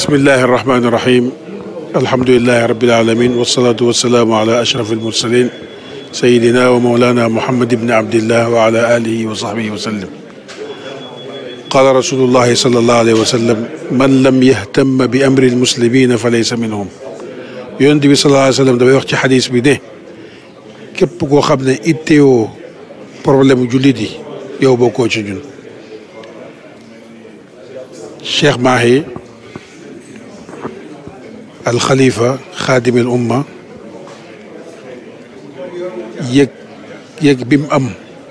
بسم الله الرحمن الرحيم الحمد لله رب العالمين والصلاة والسلام على أشرف المرسلين سيدنا ومولانا محمد بن عبد الله وعلى آله وصحبه وسلم قال رسول الله صلى الله عليه وسلم من لم يهتم بأمر المسلمين فليس منهم يندب صلى الله عليه وسلم sallam dafay حديث بده كيف bi خبنا képp koo xam ne ittewoo problème jullit الخليفة خادم الأمة يك يك بيم أم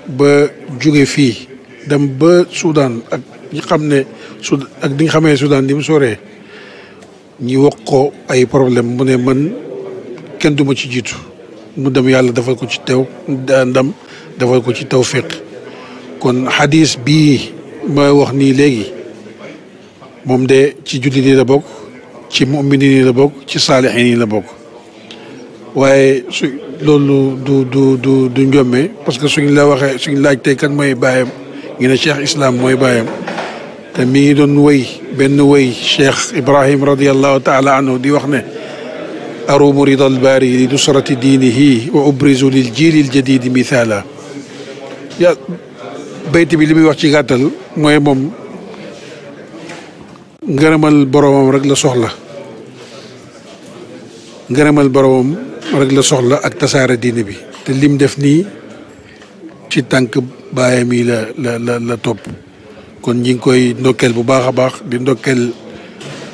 بجوري في دم بسودان يقامنا سود أكدين خمسة سودان دي مسورة نيوكو أي بروبلم من من كن دم تجيتو مدام يالا دفع كوتشيتو دم دفع كوتشيتو فيك كون حديث بي ما وحني لي ممدي دي تجولي دي دبوك ci muminin la bok ci saalihin la bok waye su loolu du du du du ñomé parce que suñ la waxé suñ laaj tay kan moy bayam ngi ne cheikh islam moy bayam te mi ngi doon wéy ben wéy cheikh ibrahim radiyallahu taala anhu di wax ne arumu rida albaari li nusrati diinihi wa ubrizu lil jiili ljadidi mithaala ya bayt bi li wax ci gàttal mooy moom ngërëmal boroomam rek la soxla ngërëmal boroomam rek la soxla ak tasaare diine bi te lim def ni ci tànk baayam yi la la la la topp kon ñi ngi koy ndokkel bu baaxa baax di ndokkel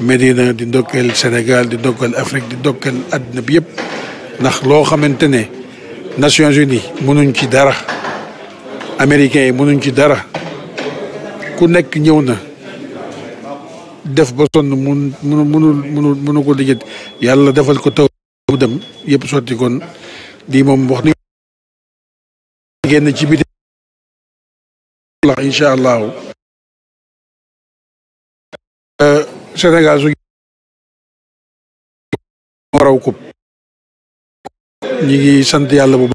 Médina di ndokkel Sénégal di ndokkel Afrique di ndokkel àddina bi yëpp ndax loo xamantene Nations Unies mënuñ ci dara américain yi mënuñ ci dara ku nekk ñëw na def ba sonn mun munu munul munu ko liggéey yàlla defal ko taw dem yépp sotti kon lii moom wax ni génn ci biti la allahu euh, Sénégal su waraw ko ñi ngi sant yàlla bu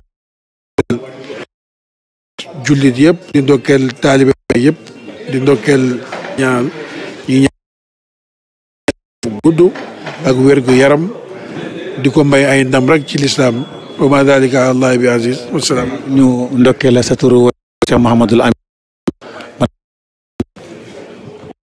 jullit yëpp di ndokkeel taalibe yëpp di ndokkeel ñaan gudd ak wérgu yaram di ko may ay ndam rek ci lislaam wa ma dalika allah bi aziz wasalaam ñu ndokkee la sa turu Cheikh Mouhamadul